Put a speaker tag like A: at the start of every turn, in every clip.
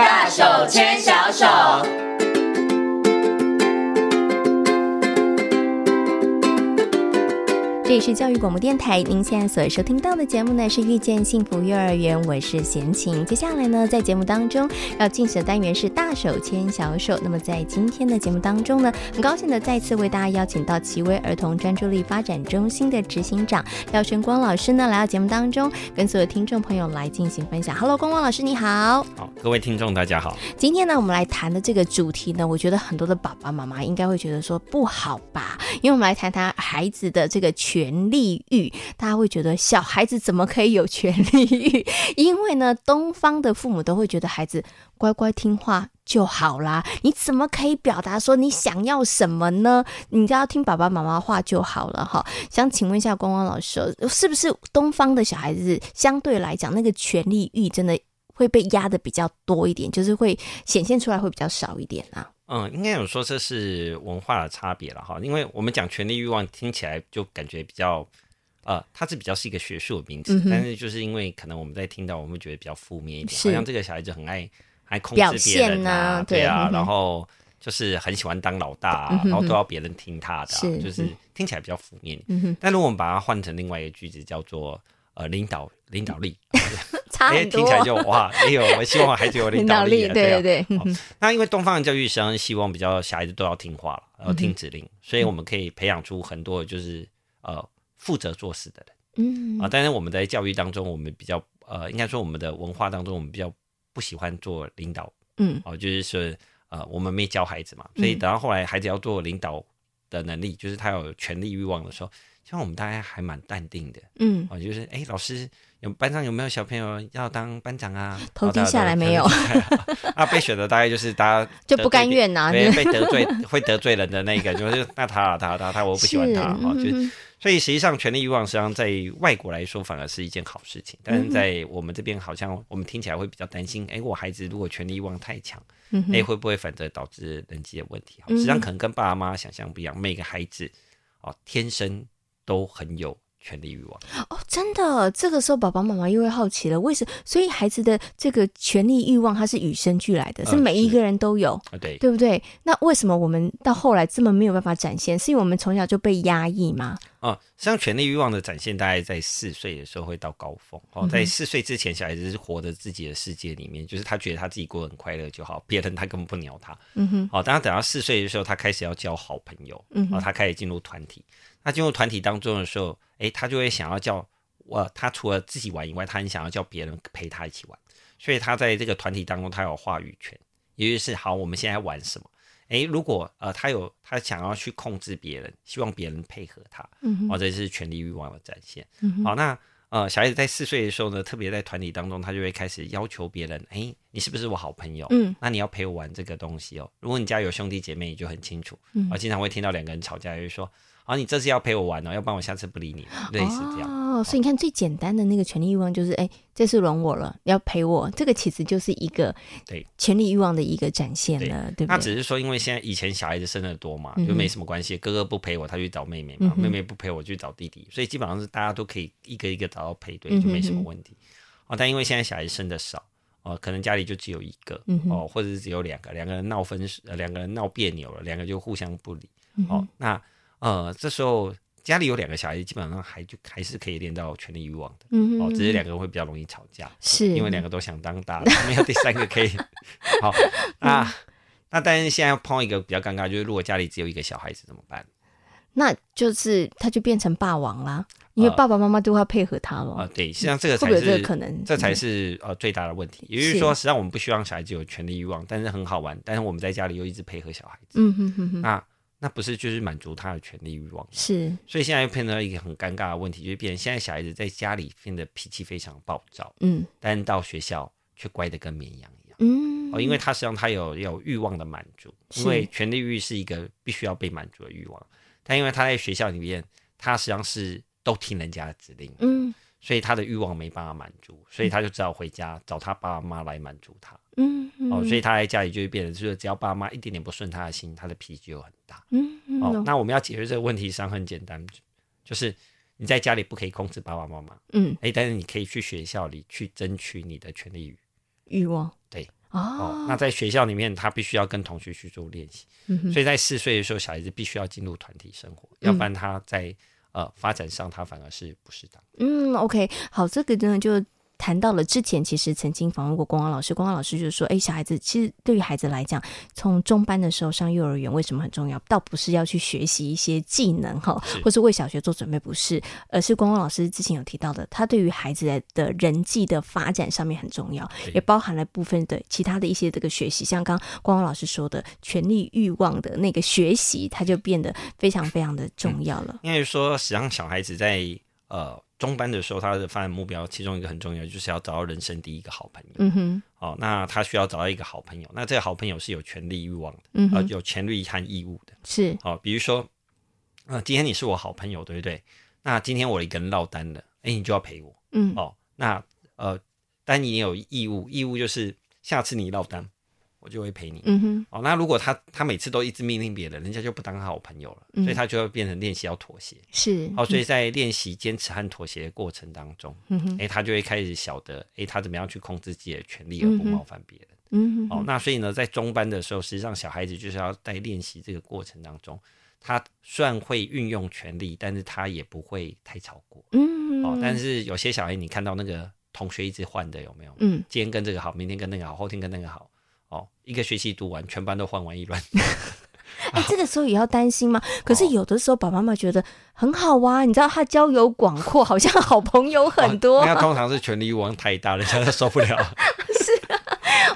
A: 大手牽小手。
B: 這裡是教育廣播電臺，您現在所收聽到的節目呢是《遇見幸福幼兒園》，我是閒琴。接下來呢，在節目當中要進行的單元是“大手牽小手”。那麼在今天的節目當中呢，很高興的再次為大家邀請到奇威兒童專注力發展中心的執行長廖笙光老師呢來到節目當中，跟所有聽眾朋友來進行分享。Hello，光光老師你好，
C: 好，各位聽眾大家好。
B: 今天呢，我們來談的這個主題呢，我覺得很多的爸爸媽媽應該會覺得說不好吧，因為我們來談談孩子的這個權力慾，大家會覺得小孩子怎麼可以有權力慾？因為呢，東方的父母都會覺得孩子乖乖聽話就好啦。你怎麼可以表達說你想要什麼呢？你只要聽爸爸媽媽話就好了哈。想請問一下光光老師，是不是東方的小孩子相對來講，那個權力慾真的會被壓得比較多一點，就是會顯現出來會比較少一點啊？
C: 嗯，應該有說這是文化的差別了哈，因為我們講權力欲望聽起來就感覺比較，呃，它是比較是一個學術的名詞，嗯、哼但是就是因為可能我們在聽到，我們會覺得比較負面一點，是好像這個小孩子很愛愛控制別人啊，啊對啊，對嗯、然後就是很喜歡當老大、啊，嗯、然後都要別人聽他的、啊，是嗯、就是聽起來比較負面。嗯、哼但如果我們把它換成另外一個句子，叫做。呃，領導領導力，哎、嗯， 聽起來就、嗯、哇，哎呦，我希望孩子有領導力，領導力，對對對、哦。那因為東方的教育實際上希望比較小孩子都要聽話，要聽指令，嗯、所以我們可以培養出很多就是呃負責做事的人，嗯啊、呃。但是我們在教育當中，我們比較呃，應該說我們的文化當中，我們比較不喜歡做領導，嗯，哦，就是說呃，我們沒教孩子嘛，所以等到後來孩子要做領導的能力，嗯、就是他有權力欲望的時候。像我們大概還蠻淡定的，嗯，哦，就是，誒，老師，有班上有沒有小朋友要當班長啊？頭低下來沒有？啊，被選的大概就是大家就不甘願吶，對，被得罪會得罪人的那個，就是那他他他他，我不喜歡他，哦，就所以實際上權力慾望實際上在外國來說反而是一件好事情，但是在我們這邊好像我們聽起來會比較擔心，誒，我孩子如果權力慾望太強，嗯，那會不會反而導致人際的問題？實際上可能跟爸爸媽媽想象不一樣，每個孩子哦，天生。都很有權力欲
B: 望哦，真的，這個時候爸爸媽媽又會好奇了，為什麼？所以孩子的這個權力欲望，它是與生俱來的，嗯、是每一個人都有，嗯、對，對不對？那為什麼我們到後來這麼沒有辦法展現？是因為我們從小就被壓抑嗎？嗯
C: 像權力欲望的展現，大概在四歲的時候會到高峰。哦、嗯哼，在四歲之前，小孩子是活在自己的世界裡面，就是他覺得他自己過得很快樂就好，別人他根本不鳥他。嗯哼。當他等到四歲的時候，他開始要交好朋友。嗯。他開始進入團體。嗯、哼他進入團體當中的時候，誒、欸，他就會想要叫我。他除了自己玩以外，他很想要叫別人陪他一起玩。所以，他在這個團體當中，他有話語權。也就是，好，我們現在玩什麼？誒，如果呃他有他想要去控制別人，希望別人配合他，嗯哼，或者，哦、是權力欲望的展現，嗯哼，好、哦，那呃小孩子在四歲的時候呢，特別在團體當中，他就會開始要求別人，誒，你是不是我好朋友？嗯，那你要陪我玩這個東西哦。如果你家有兄弟姐妹，你就很清楚，嗯、哦，我經常會聽到兩個人吵架，就是說。哦，你這次要陪我玩哦，要不然我下次不理你，類似這
B: 樣哦。哦，所以你看，最簡單的那個權力欲望就是，哎、欸，這次輪我了，要陪我，這個其實就是一個對權力欲望的一個展現了，對。對對不對，那只
C: 是說，因為現在以前小孩子生的多嘛，嗯、哼就沒什麼關係。哥哥不陪我，他去找妹妹、嗯、哼妹妹不陪我，我去找弟弟。所以基本上是大家都可以一個一個找到配對，就沒什麼問題。嗯、哼哦，但因為現在小孩子生的少，哦，可能家裡就只有一個哦，或者是只有兩個，兩個人鬧分，呃、兩個人鬧彆扭了，兩個就互相不理。哦，嗯、哼哦那。呃，這時候家裡有兩個小孩，基本上還就還是可以練到權力欲望的。嗯、哼哦，只是兩個人會比較容易吵架，是，因為兩個都想當大的，沒有 第三個可以。 好啊，那，嗯、那但是現在要碰一個比較尷尬，就是如果家裡只有一個小孩子怎麼辦？
B: 那就是他就變成霸王啦，呃、因為爸爸媽媽都要配合他了、哦、啊、呃。
C: 對，實際上這個才是會會這個可能，這才是、嗯、呃最大的問題。也就是說，實際上我們不希望小孩子有權力欲望，但是很好玩，但是我們在家裡又一直配合小孩子。嗯哼哼哼。那不是就是滿足他的權力慾望、啊、是，所以現在又碰到一個很尷尬的問題，就是變成現在小孩子在家裡變得脾氣非常暴躁，嗯，但到學校卻乖得跟綿羊一
A: 樣，嗯，
C: 哦，因為他實際上他有有慾望的滿足，因為權力慾是一個必須要被滿足的慾望，是但因為他在學校裡面，他實際上是都聽人家的指令的，嗯，所以他的慾望沒辦法滿足，所以他就只好回家、嗯、找他爸媽來滿足他。嗯，哦，所以他在家裡就會變得，就是只要爸爸媽媽一點點不順他的心，他的脾氣就很
A: 大。嗯嗯哼。哦，那
C: 我們要解決這個問題上很簡單，就是你在家裡不可以控制爸爸媽媽。嗯，哎、欸，但是你可以去學校裡去爭取你的權力慾。慾望。對。哦，哦。那在學校裡面，他必須要跟同學去做練習。嗯哼。所以在四歲的時候，小孩子必須要進入團體生活，嗯、要不然他在呃發展上他反而是不適當
B: 的。嗯，OK，好，這個真的就。談到了之前，其實曾經訪問過光光老師，光光老師就是說，哎、欸，小孩子其實對於孩子來講，從中班的時候上幼兒園為什麼很重要？倒不是要去學習一些技能哈，或是為小學做準備，不是，而是光光老師之前有提到的，他對於孩子的人際的發展上面很重要，是也包含了部分的其他的一些這個學習，像剛光光老師說的，權力欲望的那個學習，他就變得非常非常的重要了。
C: 嗯、因為說，實際上小孩子在呃。中班的時候，他的發展目標其中一個很重要，就是要找到人生第一個好朋友。嗯哼，哦，那他需要找到一個好朋友，那這個好朋友是有權力欲望的，嗯哼、呃、有權利和義務的。是，哦，比如說，啊、呃，今天你是我好朋友，對不對？那今天我一個人落單了，哎、欸，你就要陪我。嗯，哦，那呃，但你也有義務，義務就是下次你落單。我就會陪你，嗯哼，哦，那如果他他每次都一直命令別人，人家就不當他好朋友了，嗯、哼所以他就會變成練習要妥協，
A: 是，哦，所以在
C: 練習堅持和妥協的過程當中，哎、嗯哼欸，他就會開始曉得，哎、欸，他怎麼樣去控制自己的權力而不冒犯別人，
A: 嗯哼，哦，
C: 那所以呢，在中班的時候，實際上小孩子就是要在練習這個過程當中，他雖然會運用權力，但是他也不會太超過，
A: 嗯哼，哦，但
C: 是有些小孩，你看到那個同學一直換的有沒有？嗯，今天跟這個好，明天跟那個好，後天跟那個好。哦，一個學期讀完全班都換完一輪，
B: 哎、 欸，這個時候也要擔心嗎？可是有的時候爸爸媽媽覺得很好啊。哦、你知道他交友廣闊，好像好朋友很多、啊哦。那通
C: 常是權力欲望太大了，現在受不了。 是、
B: 啊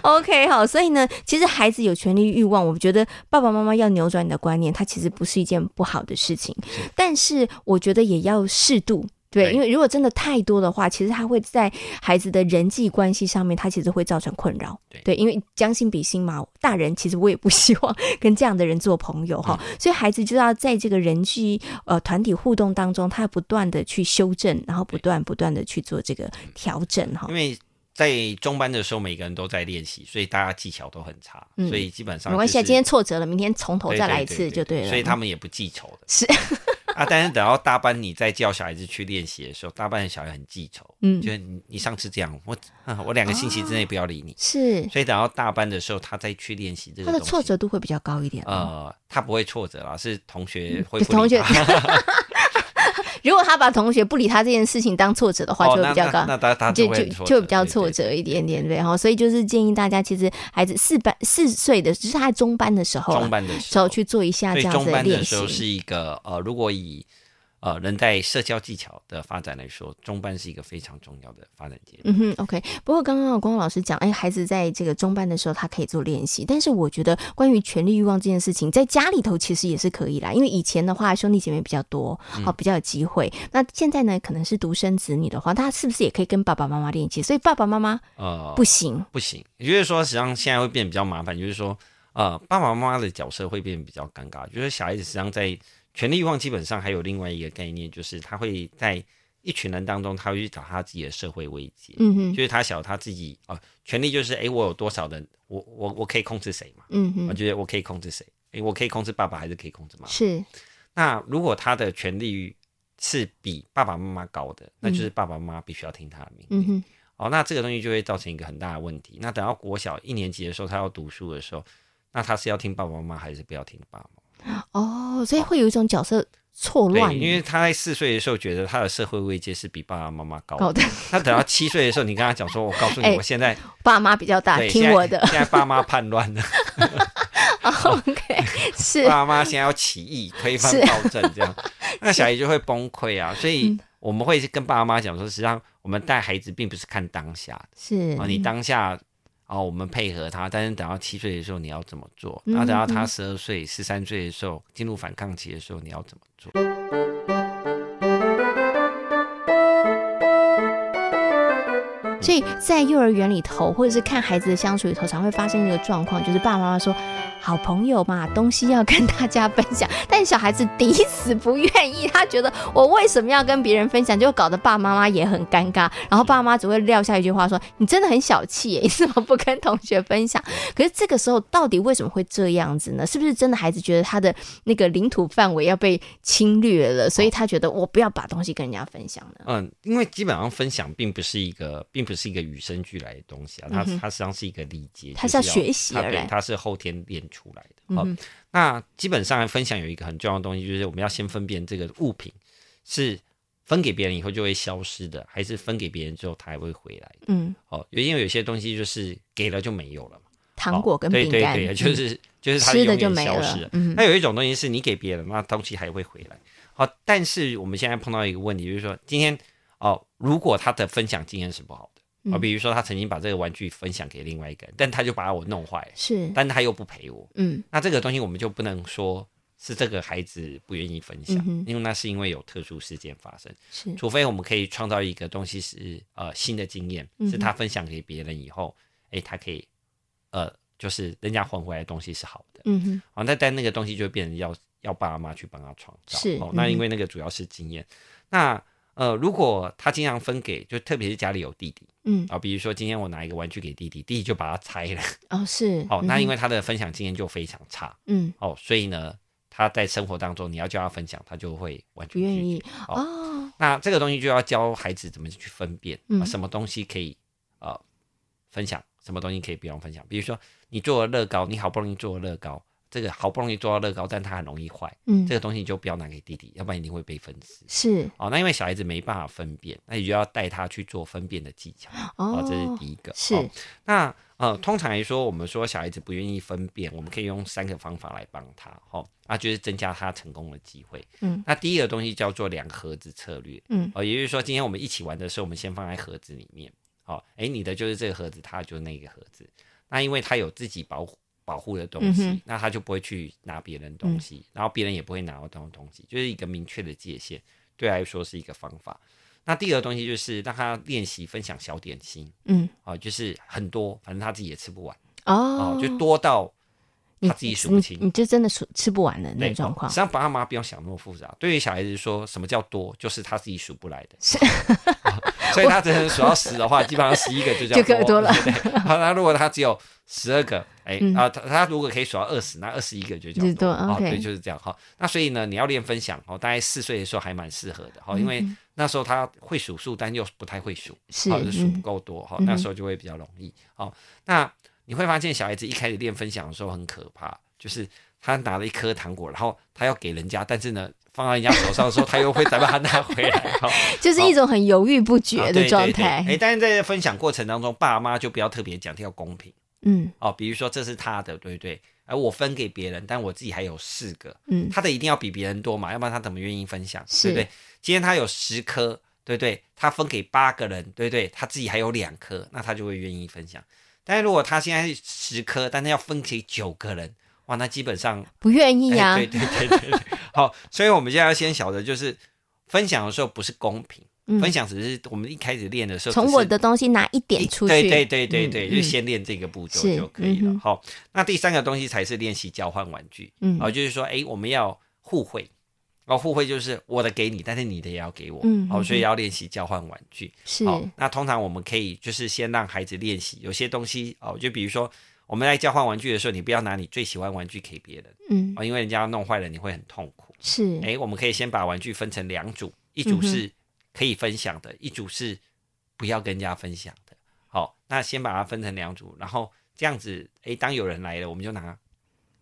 B: ，OK，好，所以呢，其實孩子有權力欲望，我覺得爸爸媽媽要扭轉你的觀念，他其實不是一件不好的事情，但是我覺得也要適度。對，因為如果真的太多的話，其實他會在孩子的人際關係上面，他其實會造成困擾。對，對，因為將心比心嘛，大人其實我也不希望跟這樣的人做朋友哈。嗯、所以孩子就要在這個人際呃團體互動當中，他不斷的去修正，然後不斷對不斷的去做這個調整哈。對嗯、
C: 因為在中班的時候，每個人都在練習，所以大家技巧都很差，所以基本上、就是、沒關係，今天挫折了，明天從頭再來一次就對了。對對對對對，所以他們也不記仇的。是。 啊！但是等到大班，你再叫小孩子去練習的時候，大班的小孩很記仇，嗯，就是你上次這樣，我我兩個星期之內不要理你，哦、是。所以等到大班的時候，他再去練習這種他的挫折度會比較高一點，啊。呃，他不會挫折啦，是同學，會。嗯、不同學。
B: 如果他把同學不理他這件事情當挫折的話，哦，就會比較高，會就就就比較挫折一點點，對，然後所以就是建議大家，其實孩子四班四歲的，就是他中班的時候了，中班的時候去做一下這樣子的練習。是
C: 一個呃，如果以。呃，人在社交技巧的發展來說，中班是一個非常重要的發展階段。嗯哼
B: ，OK。不過剛剛光光老師講，哎，孩子在這個中班的時候，他可以做練習。但是我覺得，關於權力欲望這件事情，在家裡頭其實也是可以啦。因為以前的話，兄弟姐妹比較多，哦，比較有機會。嗯，那現在呢，可能是獨生子女的話，他是不是也可以跟爸爸媽媽練習？所以爸爸媽媽
C: 呃，不行，不行。也就是說，實際上現在會變得比較麻煩。就是說，呃，爸爸媽媽的角色會變得比較尷尬。就是小孩子實際上在。權力欲望基本上還有另外一個概念，就是他會在一群人當中，他會去找他自己的社會位階。嗯哼，就是他曉得他自己哦，權力就是哎、欸，我有多少人，我我我可以控制誰嘛？嗯哼，我覺得我可以控制誰？哎、欸，我可以控制爸爸還是可以控制媽媽？是。那如果他的權力是比爸爸媽媽高的，那就是爸爸媽媽必須要聽他的命令。嗯哼，哦，那這個東西就會造成一個很大的問題。那等到國小一年級的時候，他要讀書的時候，那他是要聽爸爸媽媽還是不要聽爸媽？
B: 哦，oh, 所以會有一種角色錯亂，因為
C: 他在四歲的時候覺得他的社會位階是比爸爸媽媽高的。高的 他等到七歲的時候，你跟他講說：“我告訴你，欸、我現在爸媽比較大，對聽我的。現”現在爸媽叛亂了
B: oh,，OK，是爸
C: 媽現在要起義 是推翻暴政這樣，那小孩就會崩潰啊。 是所以我們會跟爸爸媽媽講說，實際上我們帶孩子並不是看當下的，是你當下。哦，我們配合他，但是等到七歲的時候你要怎麼做？然後、嗯、等到他十二歲、十三歲的時候進入反抗期的時候你要怎麼
A: 做？所
B: 以在幼兒園裡頭，或者是看孩子的相處裡頭，常會發生一個狀況，就是爸爸媽媽說。好朋友嘛，東西要跟大家分享，但小孩子抵死不願意，他覺得我為什麼要跟別人分享，就搞得爸媽媽也很尷尬。然後爸媽只會撂下一句話說：“是的 你真的很小氣耶，你怎麼不跟同學分享？”是的 可是這個時候，到底為什麼會這樣子呢？是不是真的孩子覺得他的那個領土範圍要被侵略了，所以他覺得我不要把東西跟人家分享呢？
C: 嗯，因為基本上分享並不是一個，並不是一個與生俱來的東西啊，他他實際上是一個禮節，他、嗯、哼是要學習而已。他是後天練出來的，好、嗯哼哦，那基本上分享有一個很重要的東西，就是我們要先分辨這個物品是分給別人以後就會消失的，還是分給別人之後他還會回來。嗯，哦，因為有些東西就是給了就沒有了嘛，
B: 糖果跟餅乾、哦，對對對，就是、嗯、就
C: 是他的永的遠就消失了。嗯哼，那有一種東西是你給別人，那東西還會回來。好、哦，但是我們現在碰到一個問題，就是說今天哦，如果他的分享經驗是不好。啊，嗯、比如說他曾經把這個玩具分享給另外一個人，但他就把我弄壞了，是，但他又不賠我，嗯，那這個東西我們就不能說是這個孩子不願意分享，嗯、哼因為那是因為有特殊事件發生，是，除非我們可以創造一個東西是呃新的經驗，是他分享給別人以後，誒、嗯哼欸，他可以，呃，就是人家還回來的東西是好的，嗯哼好，那但，但那個東西就會變成要要爸媽去幫他創造，是哦，嗯、哼那因為那個主要是經驗，那。呃，如果他經常分給，就特別是家裡有弟弟，嗯，啊，比如說今天我拿一個玩具給弟弟，弟弟就把它拆了，
B: 哦，是，哦，那、嗯、因為他
C: 的分享經驗就非常差，嗯，哦，所以呢，他在生活當中你要教他分享，他就會完全不願意，哦，哦，那這個東西就要教孩子怎麼去分辨，嗯啊、什麼東西可以呃分享，什麼東西可以不用分享，比如說你做了樂高，你好不容易做了樂高。這個好不容易做到樂高，但它很容易壞，嗯，這個東西就不要拿給弟弟，要不然一定會被分食。是哦，那因為小孩子沒辦法分辨，那你就要帶他去做分辨的技巧。哦，這是第一個。是、哦、那呃，通常來說，我們說小孩子不願意分辨，我們可以用三個方法來幫他。哦，那就是增加他成功的機會。嗯，那第一個東西叫做兩盒子策略。嗯哦，也就是說，今天我們一起玩的時候，我們先放在盒子裡面。哦，誒，你的就是這個盒子，他就是那個盒子。那因為他有自己保護。保護的東西，嗯、哼那他就不會去拿別人東西，然後別人也不會拿我東西，嗯、就是一個明確的界限。對來說是一個方法。那第二個東西就是讓他練習分享小點心，嗯，啊、哦，就是很多，反正他自己也吃不完，
A: 哦,哦，
C: 就多到他自己數不清，你
B: 你，你就真的數吃不完的對那狀況。實
C: 際上爸媽不用想那麼複雜，對於小孩子說什麼叫多，就是他自己數不來的。是 所以他只能數到十的話， 基本上十一個就叫可以了，對不對？好，那如果他只有十二個，誒、欸，嗯、啊，他他如果可以數到二十，那二十一個就叫夠了、嗯哦、對，就是這樣。好、哦，嗯、那所以呢，你要練分享，哦，大概四歲的時候還蠻適合的，哈、哦，因為那時候他會數數，但又不太會數，是，就是數不夠多，哈、嗯哦，那時候就會比較容易，好、哦，那你會發現小孩子一開始練分享的時候很可怕，就是。他拿了一顆糖果，然後他要給人家，但是呢，放到人家手上的時候， 他又會再把它拿回來， 哦、就
B: 是一種很猶豫不決的狀態。哦、對對對，誒，
C: 但是在分享過程當中，爸媽就不要特別講，他、這、要、個、公平，嗯，哦，比如說這是他的，對不對？而我分給別人，但我自己還有四個，嗯，他的一定要比別人多嘛，要不然他怎麼願意分享，是對不對？今天他有十顆，對不對，他分給八個人，對不對，他自己還有兩顆，那他就會願意分享。但是如果他現在十顆，但他要分給九個人。哦、那基本上不
B: 願意呀、啊欸。對對對，對，
C: 對 好，所以我們現在要先曉得，就是分享的時候不是公平，嗯、分享只是我們一開始練的時候，從我的
B: 東西拿一點出去。嗯、對對對對，對、嗯嗯、就先
C: 練這個步驟就可以了。嗯、好，那第三個東西才是練習交換玩具。嗯，然、哦、就是說，誒、欸，我們要互惠，哦，互惠就是我的給你，但是你的也要給我。嗯哼，好、哦，所以要練習交換玩具。是、哦，那通常我們可以就是先讓孩子練習，有些東西哦，就比如說。我們來交換玩具的時候，你不要拿你最喜歡玩具給別人，嗯，哦、喔，因為人家弄壞了，你會很痛苦。是，哎、欸，我們可以先把玩具分成兩組，一組是可以分享的，嗯、哼一組是不要跟人家分享的。好、喔，那先把它分成兩組，然後這樣子，哎、欸，當有人來了，我們就拿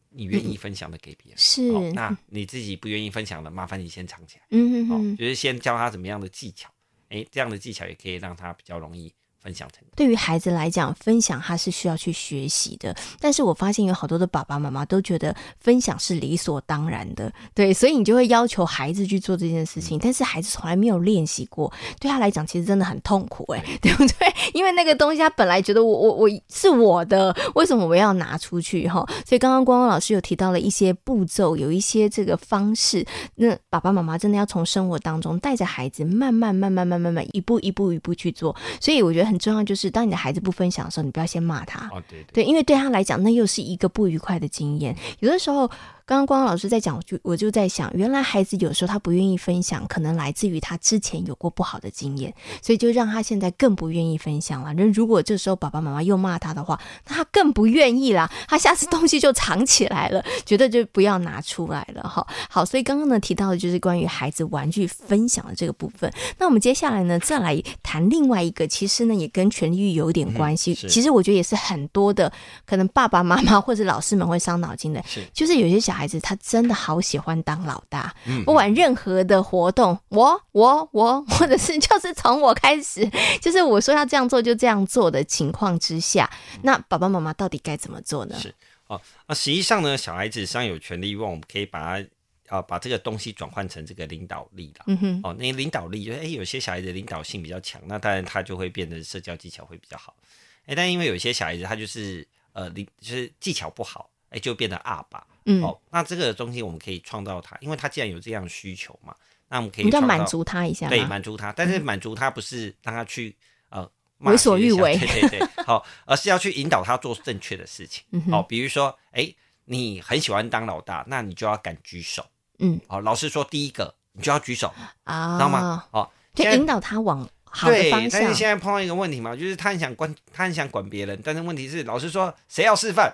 C: 你願意分享的給別人，嗯喔、是、喔，那你自己不願意分享的，麻煩你先藏起來。嗯
A: 嗯哼嗯、喔，
C: 就是先教他怎麼樣的技巧，哎、欸，這樣的技巧也可以讓他比較容易。分享
B: 對於孩子來講，分享他是需要去學習的。但是我發現有好多的爸爸媽媽都覺得分享是理所當然的，對，所以你就會要求孩子去做這件事情，嗯、但是孩子從來沒有練習過，對他來講其實真的很痛苦、欸，哎對，對不對？因為那個東西他本來覺得我我我是我的，為什麼我要拿出去哈？所以剛剛光光老師有提到了一些步驟，有一些這個方式，那爸爸媽媽真的要從生活當中帶着孩子，慢慢慢慢慢慢慢，一步一步一步一步去做。所以我覺得。很重要就是，當你的孩子不分享的時候，你不要先罵他。哦、對，對，對，對，因為對他來講，那又是一個不愉快的經驗。有的時候。剛剛光光老師在講，我就我就在想，原來孩子有時候他不願意分享，可能來自於他之前有過不好的經驗，所以就讓他現在更不願意分享了。那如果這時候爸爸媽媽又罵他的話，那他更不願意啦，他下次東西就藏起來了，覺得就不要拿出來了。哈，好，所以剛剛呢提到的就是關於孩子玩具分享的這個部分。那我們接下來呢，再來談另外一個，其實呢也跟權力慾有點關係。嗯、其實我覺得也是很多的，可能爸爸媽媽或者老師們會傷腦筋的，是就是有些小孩。孩子他真的好喜歡當老大，不管任何的活動，我、我、我，或者是就是從我開始，就是我說要這樣做，就這樣做的情況之下，那爸爸媽媽到底該怎麼做呢？是
C: 哦，那、啊、實際上呢，小孩子身上有權力慾，我們可以把他啊把這個東西轉換成這個領導力的。嗯、哼哦，那領導力就是哎，有些小孩子領導性比較強，那當然他就會變得社交技巧會比較好。哎、欸，但因為有些小孩子他就是呃領就是技巧不好，哎、欸，就變得鴨霸。好、嗯哦，那這個東西我們可以創造它，因為他既然有這樣需求嘛，那我們可以造要滿足
B: 他一下，對，滿
C: 足他。但是滿足他不是讓他去呃為所欲為，對對對，好、哦， 而是要去引導他做正確的事情。好、嗯哼哦，比如說，哎、欸，你很喜歡當老大，那你就要敢舉手。嗯，好、哦，老師說第一個你就要舉手，啊、知道嗎？好、
B: 哦，就引導他往好的方向。但是現
C: 在碰到一個問題嘛，就是他很想關，他很想管別人，但是問題是，老師說誰要示範？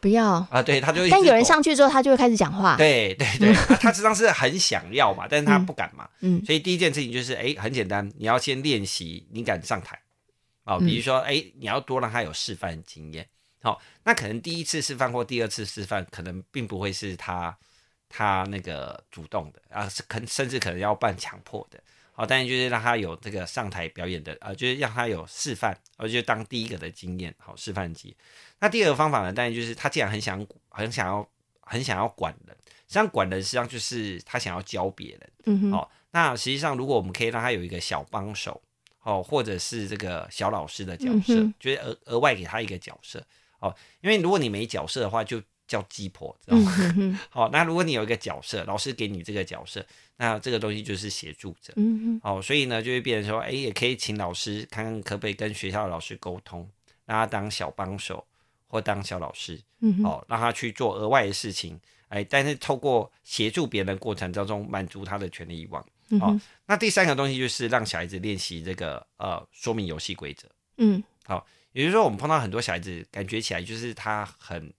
C: 不要啊！對，他就但有
B: 人上去之後，他就會開始講話。對
C: 對、哦、對，對對 啊、他實際上是很想要嘛，但是他不敢嘛。嗯，嗯，所以第一件事情就是，誒，很簡單，你要先練習，你敢上台哦，比如說，嗯、誒，你要多讓他有示範經驗。好、哦，那可能第一次示範或第二次示範，可能並不會是他他那個主動的啊，是可甚至可能要半強迫的。好、哦，但是就是讓他有這個上台表演的啊、呃，就是讓他有示範，而、哦、且、就是、當第一個的經驗好、哦、示範級。那第二個方法呢？當然就是他既然很想，很想要，很想要管人，實際上管人實際上就是他想要教別人。嗯、哼哦，那實際上如果我們可以讓他有一個小幫手，哦，或者是這個小老師的角色，嗯、哼就是額額外給他一個角色。哦，因為如果你沒角色的話，就叫雞婆。
A: 知道嗎？
C: 好、嗯哼哦，那如果你有一個角色，老師給你這個角色，那這個東西就是協助者。嗯哼哦，所以呢，就會變成說，哎，也可以請老師看看可不可以跟學校的老師溝通，讓他當小幫手。或當小老師，嗯、哼哦，讓他去做額外的事情，哎，但是透過協助別人的過程當中，滿足他的權力慾望、嗯哼。哦，那第三個東西就是讓小孩子練習這個呃說明遊戲規則。嗯，好、哦，也就是說，我們碰到很多小孩子，感覺起來就是他很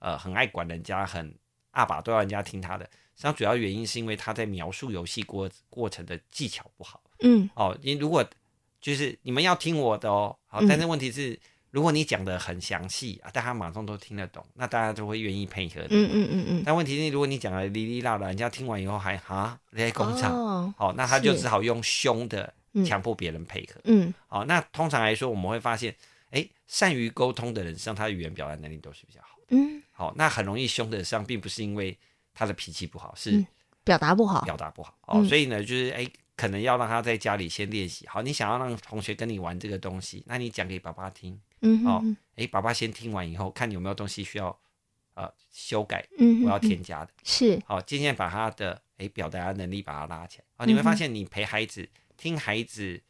C: 呃很愛管人家，很鴨霸都要人家聽他的。實際上，主要原因是因為他在描述遊戲過過程的技巧不好。嗯，哦，你如果就是你們要聽我的哦，好、哦，但是問題是。嗯如果你講的很詳細啊，大家馬上都聽得懂，那大家都會願意配合你，嗯。嗯嗯嗯，但問題是，如果你講的哩哩啦啦，人家聽完以後還哈你在場，些工廠哦，那他就只好用凶的強迫別人配合。嗯。嗯哦，那通常來說，我們會發現，哎，善於溝通的人，像他的語言表達能力都是比較
A: 好。嗯。
C: 好，哦，那很容易凶的，上，並不是因為他的脾氣不好，是，嗯、
B: 表達不好，
C: 表達不好。哦，嗯、所以呢，就是哎，可能要讓他在家裡先練習。好，你想要讓同學跟你玩這個東西，那你講給爸爸聽。嗯，好、哦，哎、欸，爸爸先聽完以後，看有沒有東西需要呃修改，嗯、哼我要添加的。是，好、哦，漸漸把他的哎、欸、表達能力把它拉起來好、哦、你會發現你陪孩子聽孩子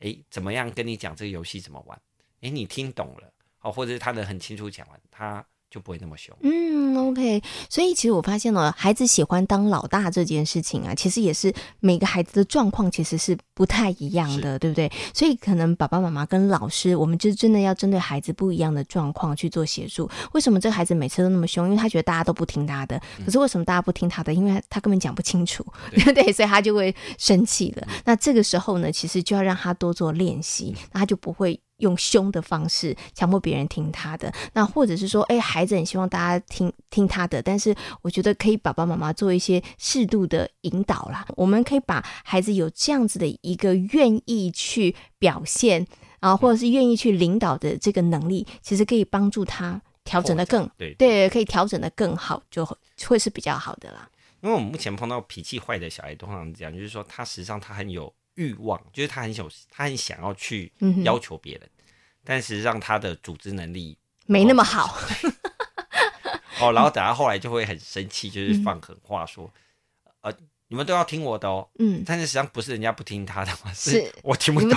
C: 哎、欸、怎麼樣跟你講這個遊戲怎麼玩，哎、欸，你聽懂了，哦，或者是他能很清楚講完他，就不
A: 會那麼凶。嗯，OK。
B: 所以其實我發現了，孩子喜歡當老大這件事情啊，其實也是每個孩子的狀況其實是不太一樣的，是對不對？所以可能爸爸媽媽跟老師，我們就真的要針對孩子不一樣的狀況去做協助。為什麼這個孩子每次都那麼凶？因為他覺得大家都不聽他的。嗯、可是為什麼大家不聽他的？因為他根本講不清楚，哦、對，對不 對？所以他就會生氣了。嗯、那這個時候呢，其實就要讓他多做練習，那他就不會。用凶的方式強迫別人聽他的，那或者是說，哎、欸，孩子很希望大家聽聽他的，但是我覺得可以爸爸媽媽做一些適度的引導啦。我們可以把孩子有這樣子的一個願意去表現啊，或者是願意去領導的這個能力，嗯、其實可以幫助他調整得更對，對，可以調整得更好，就會是比較好的啦。
C: 因為我們目前碰到脾氣壞的小孩，通常這樣，就是說他實際上他很有。欲望，就是他很小，他很想要去要求別人，但實際上他的組織能力沒那麼好。哦，然後等到後來就會很生氣，就是放狠話說：“呃，你們都要聽我的哦。”嗯，但是實際上不是人家不聽他的嘛，是我聽不懂，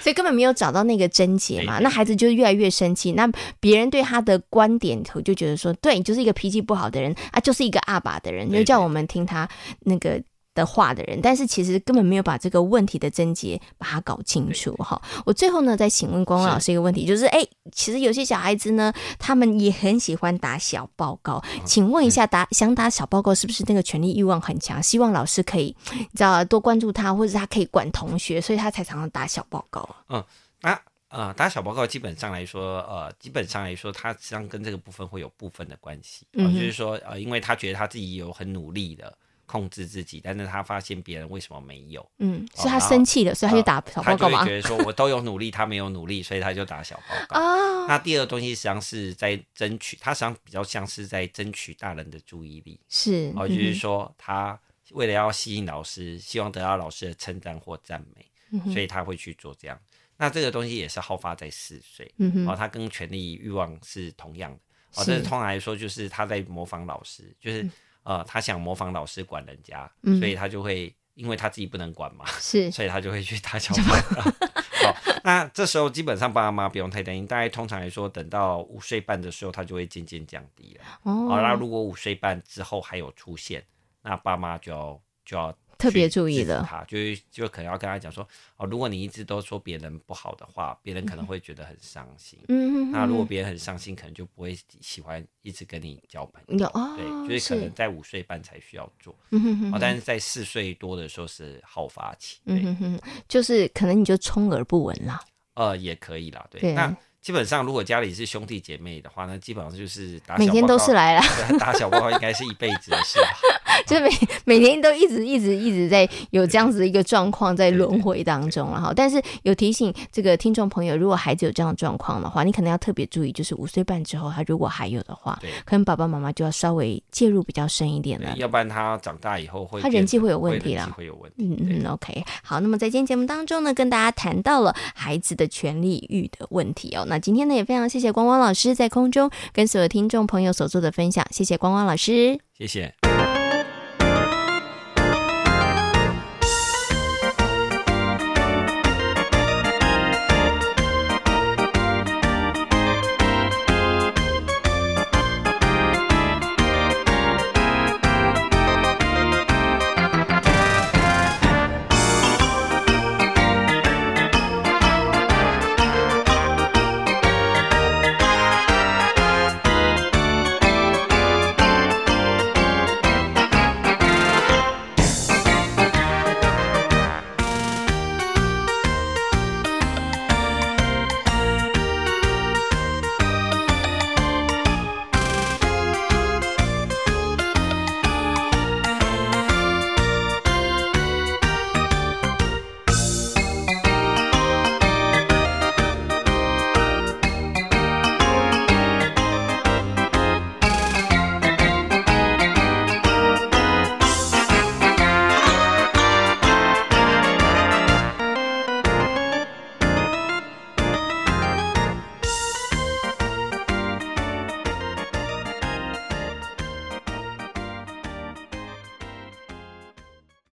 B: 所以根本沒有找到那個症結嘛。那孩子就越來越生氣。那別人對他的觀點，我就覺得說：“對，你就是一個脾氣不好的人啊，就是一個鴨霸的人，就叫我們聽他那個。”的話的人，但是其實根本沒有把這個問題的症結把它搞清楚哈。對對對，我最後呢，再請問光光老師一個問題，是就是哎、欸，其實有些小孩子呢，他們也很喜歡打小報告，嗯、請問一下，打想打小報告是不是那個權力欲望很強，希望老師可以你知道多關注他，或者他可以管同學，所以他才常常打小報告？嗯，
C: 那呃，打小報告基本上來說，呃，基本上來說，他實際上跟這個部分會有部分的關係，呃嗯、哼就是說呃，因為他覺得他自己有很努力的。控制自己，但是他發現別人為什麼沒有？嗯，所以他生氣了，所以他就打小報告嘛。他就會覺得說我都有努力，他沒有努力，所以他就打小報告。哦，那第二個東西實際上是在爭取，他實際上比較像是在爭取大人的注意力，是，哦、嗯，就是說他為了要吸引老師，希望得到老師的稱讚或讚美，嗯、哼所以他會去做這樣。那這個東西也是好發在四歲，嗯哼，然後他跟權力欲望是同樣的，哦是，但是通常來說就是他在模仿老師，就是。呃，他想模仿老師管人家，嗯、所以他就會，因為他自己不能管嘛，是 所以他就會去打小報告。 好，那這時候基本上爸媽不用太擔心，大概通常來說，等到五歲半的時候，他就會漸漸降低了。哦，哦，那如果五歲半之後還有出現，那爸媽就要就要。就要
B: 特別注意了，
C: 就就可能要跟他講說哦，如果你一直都說別人不好的話，別人可能會覺得很傷心。嗯嗯，那如果別人很傷心，可能就不會喜歡一直跟你交朋友。嗯、哼哼對，就是可能在五歲半才需要做。嗯嗯嗯、哦，但是在四歲多的時候是好發期。
B: 對，嗯哼哼，就是可能你就充耳不聞啦。
C: 呃，也可以啦，對。對那。基本上，如果家裡是兄弟姐妹的話呢，那基本上就是打小報告，每天都是來了 打小報告，應該是一輩子的事
B: 吧？ 就每每天都一直一直一直在有這樣子一個狀況在輪回當中、啊，然後但是有提醒這個聽眾朋友，如果孩子有這樣的狀況的話，你可能要特別注意，就是五歲半之後，他如果還有的話，對對，可能爸爸媽媽就要稍微介入比較深一點了，
C: 要不然他長大以後會他人際會有問題啦，會，人際會有問
B: 題。嗯嗯，OK，好，那麼在今天節目當中呢，跟大家談到了孩子的權力慾的問題哦。那今天呢，也非常謝謝光光老師在空中跟所有聽眾朋友所做的分享，謝謝光光老師，
C: 謝謝。